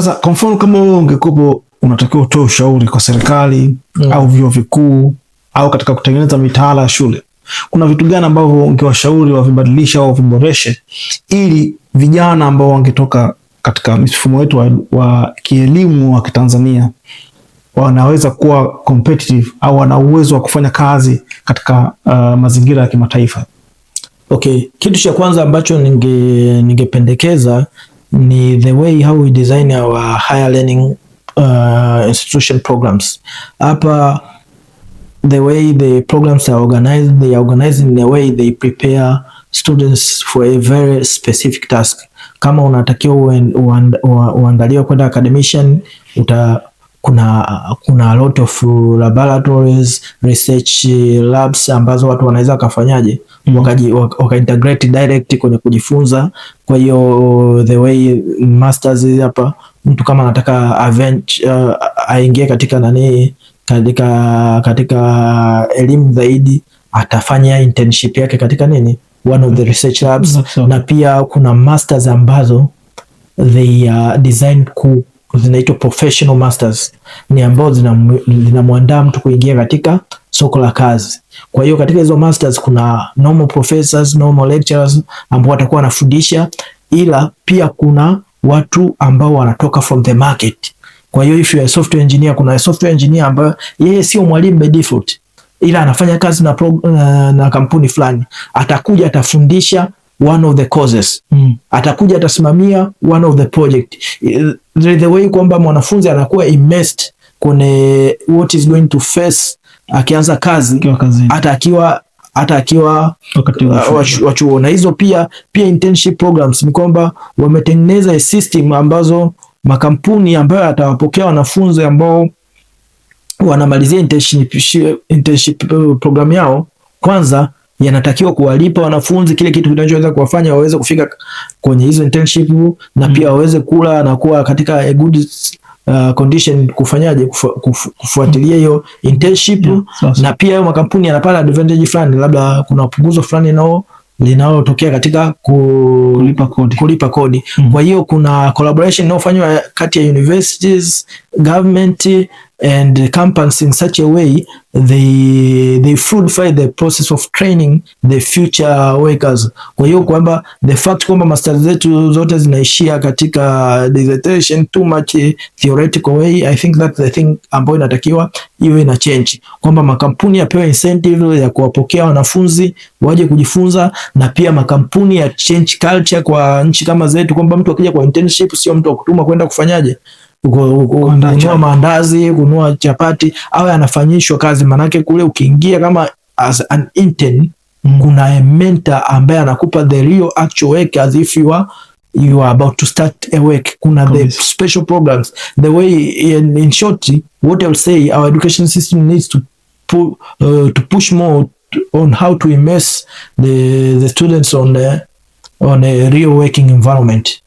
Sasa kwa mfano kama wewe ungekupo unatakiwa utoe ushauri kwa serikali mm. au vyuo vikuu au katika kutengeneza mitaala ya shule, kuna vitu gani ambavyo ungewashauri wavibadilishe au waviboreshe ili vijana ambao wangetoka katika mfumo wetu wa, wa kielimu wa Kitanzania wanaweza kuwa competitive au wana uwezo wa kufanya kazi katika uh, mazingira ya kimataifa? Okay, kitu cha kwanza ambacho ningependekeza ni the way how we design our higher learning uh, institution programs. Hapa the way the programs are organized, they are organized in the way they prepare students for a very specific task. Kama unatakiwa uandaliwa kwenda academician uta kuna kuna a lot of laboratories research labs ambazo watu wanaweza wakafanyaje, mm -hmm. waka integrate direct kwenye kujifunza. Kwa hiyo the way masters hapa, mtu kama anataka uh, aingie katika nani, katika katika elimu zaidi, atafanya internship yake katika nini, one of the research labs. mm na pia kuna masters ambazo they are designed ku zinaitwa professional masters, ni ambao zinamwandaa mtu kuingia katika soko la kazi. Kwa hiyo katika hizo masters kuna normal professors, normal lecturers ambao watakuwa wanafundisha, ila pia kuna watu ambao wanatoka from the market. Kwa hiyo if you are a software engineer, kuna software engineer ambaye yeye sio mwalimu by default, ila anafanya kazi na, pro, eh, na kampuni fulani, atakuja atafundisha one of the causes mm. Atakuja atasimamia one of the project the eh, the way kwamba mwanafunzi anakuwa immersed kwenye what is going to face akianza kazi hata akiwa hata akiwa eh, wa chuo. Na hizo pia pia internship programs ni kwamba wametengeneza system ambazo makampuni ambayo atawapokea wanafunzi ambao wanamalizia internship, internship eh, program yao kwanza yanatakiwa kuwalipa wanafunzi kile kitu kinachoweza kuwafanya waweze kufika kwenye hizo internship na mm. pia waweze kula na kuwa katika a good uh, condition kufanyaje kufu, kufu, kufuatilia hiyo internship yeah, so, so. Na pia hayo makampuni yanapata advantage fulani, labda kuna punguzo fulani nao linalotokea katika ku kulipa kodi, kulipa kodi. Mm. Kwa hiyo kuna collaboration inayofanywa kati ya universities, government and companies in such a way they they fluidify the process of training the future workers. Kwa hiyo kwamba the fact kwamba master zetu zote zinaishia katika dissertation too much theoretical way, I think that the thing ambayo inatakiwa iwe na change, kwamba makampuni yapewe incentive ya kuwapokea wanafunzi waje kujifunza, na pia makampuni ya change culture culture kwa nchi kama zetu kwamba mtu akija kwa internship sio mtu akutuma kwenda kufanyaje kununua maandazi, kununua chapati, awe anafanyishwa kazi. Manake kule ukiingia kama as an intern mm. kuna a mentor ambaye anakupa the real actual work as if you are you are about to start a work. Kuna the special programs the way in, in short what I'll say our education system needs to pull, uh, to push more on how to immerse the the students on the on a real working environment